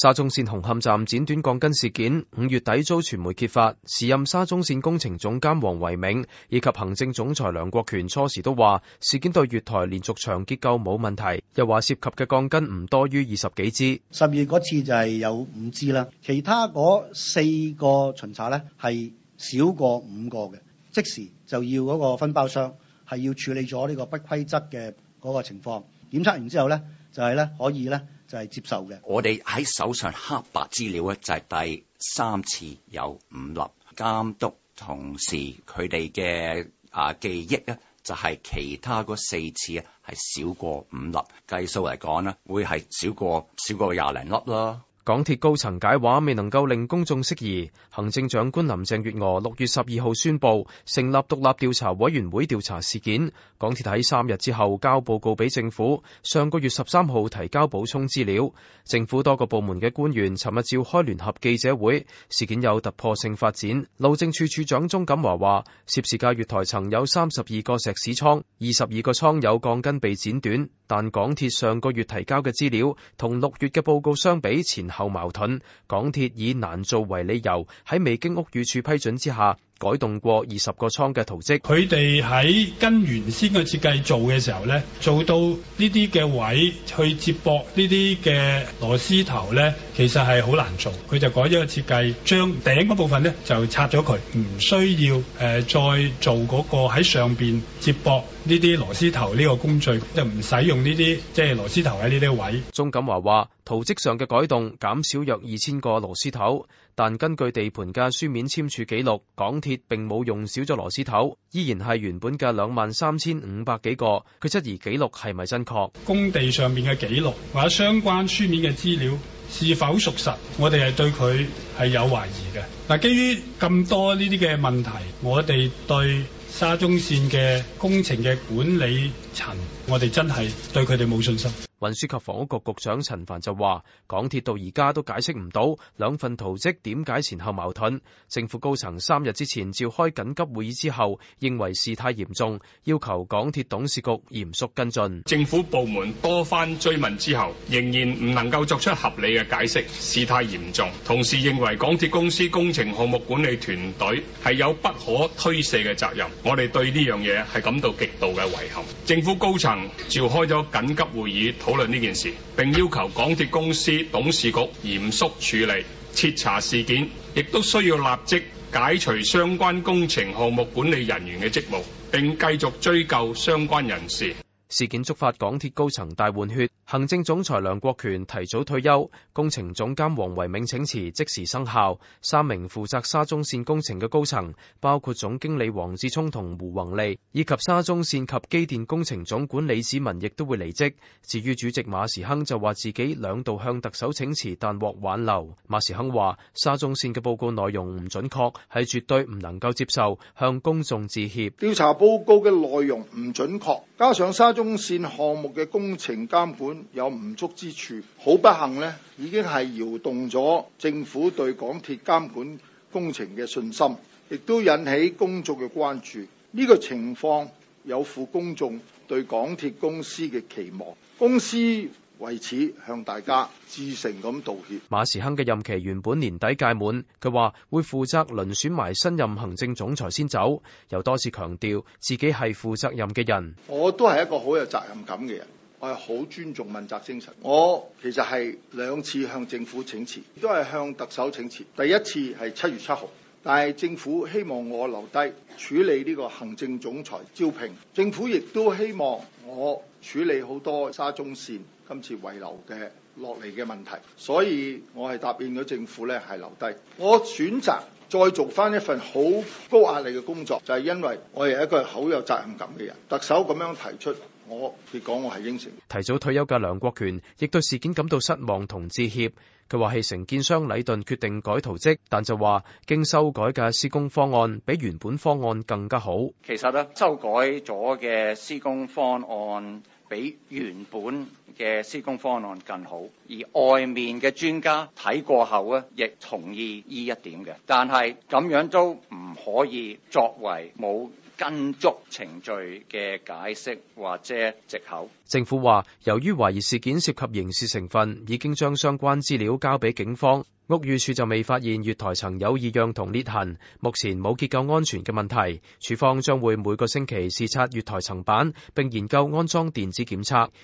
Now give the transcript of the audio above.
沙中綫紅磡站剪短鋼筋事件，五月底遭傳媒揭發，時任沙中綫工程總監黃唯銘以及行政總裁梁國權初時都話，事件對月台連續牆結構冇問題，又話涉及嘅鋼筋唔多於二十幾支。十月嗰次就係有五支啦，其他嗰四個巡查咧係少過五個嘅，即時就要嗰個分包商係要處理咗呢個不規則嘅嗰個情況，檢測完之後咧就係咧可以咧。就係接受嘅。我哋喺手上黑白資料咧，就係第三次有五粒監督，同時佢哋嘅啊記憶咧，就係其他嗰四次啊，係少過五粒。計數嚟講咧，會係少過少過廿零粒啦。港鐵高層解話未能夠令公眾釋疑。行政長官林鄭月娥六月十二號宣布成立獨立調查委員會調查事件。港鐵喺三日之後交報告俾政府，上個月十三號提交補充資料。政府多個部門嘅官員尋日召開聯合記者會，事件有突破性發展。路政署署長鍾錦華話，涉事界月台層有三十二個石屎倉，二十二個倉有鋼筋被剪短。但港鐵上個月提交嘅資料同六月嘅報告相比前。後矛盾，港鐵以難做為理由，喺未經屋宇署批准之下，改動過二十個倉嘅圖則。佢哋喺跟原先嘅設計做嘅時候咧，做到呢啲嘅位去接駁呢啲嘅螺絲頭咧，其實係好難做，佢就改咗個設計，將頂嗰部分呢就拆咗佢，唔需要誒再做嗰個喺上邊接駁呢啲螺絲頭呢個工序，就唔使用呢啲即係螺絲頭喺呢啲位。鍾錦華話：圖則上嘅改動減少約二千個螺絲頭，但根據地盤嘅書面簽署記錄，港鐵並冇用少咗螺絲頭，依然係原本嘅兩萬三千五百幾個。佢質疑記錄係咪真確？工地上面嘅記錄或者相關書面嘅資料。是否屬實，我哋係對佢係有懷疑嘅。嗱，基於咁多呢啲嘅問題，我哋對。沙中線嘅工程嘅管理層，我哋真係對佢哋冇信心。運輸及房屋局局長陳帆就話：港鐵到而家都解釋唔到兩份圖則點解前後矛盾。政府高層三日之前召開緊急會議之後，認為事態嚴重，要求港鐵董事局嚴肅跟進。政府部門多番追問之後，仍然唔能夠作出合理嘅解釋，事態嚴重。同時認為港鐵公司工程項目管理團隊係有不可推卸嘅責任。我哋對呢樣嘢係感到極度嘅遺憾。政府高層召開咗緊急會議討論呢件事，並要求港鐵公司董事局嚴肅處，處理、徹查事件，亦都需要立即解除相關工程項目管理人員嘅職務，並繼續追究相關人士。事件觸發港鐵高層大換血，行政總裁梁國權提早退休，工程總監黃唯銘請辭即時生效。三名負責沙中綫工程嘅高層，包括總經理黃志聰同胡宏利，以及沙中綫及機電工程總管李子文，亦都會離職。至於主席馬時亨就話自己兩度向特首請辭，但獲挽留。馬時亨話沙中綫嘅報告內容唔準確，係絕對唔能夠接受，向公眾致歉。調查報告嘅內容唔準確，加上沙中線項目嘅工程監管有唔足之處，好不幸呢已經係搖動咗政府對港鐵監管工程嘅信心，亦都引起公眾嘅關注。呢個情況有負公眾對港鐵公司嘅期望，公司，為此向大家致誠咁道歉。馬時亨嘅任期原本年底屆滿，佢話會負責遴選埋新任行政總裁先走，又多次強調自己係負責任嘅人。我都係一個好有責任感嘅人，我係好尊重問責精神。我其實係兩次向政府請辭，都係向特首請辭。第一次係七月七號。但係政府希望我留低處理呢個行政總裁招聘，政府亦都希望我處理好多沙中綫今次遺留嘅落嚟嘅問題。所以我係答應咗政府咧，係留低，我選擇。再做翻一份好高壓力嘅工作，就係、是、因為我係一個好有責任感嘅人。特首咁樣提出，我佢講我係應承。提早退休嘅梁國權亦對事件感到失望同致歉。佢話：係承建商禮頓決定改圖則，但就話經修改嘅施工方案比原本方案更加好。其實咧，修改咗嘅施工方案。比原本嘅施工方案更好，而外面嘅專家睇過後咧，亦同意依一點嘅，但係咁樣都唔可以作為冇跟足程序嘅解釋或者藉口。政府話，由於懷疑事件涉及刑事成分，已經將相關資料交俾警方。屋宇署就未發現月台層有異樣同裂痕，目前冇結構安全嘅問題。處方將會每個星期視察月台層板，並研究安裝電子檢測。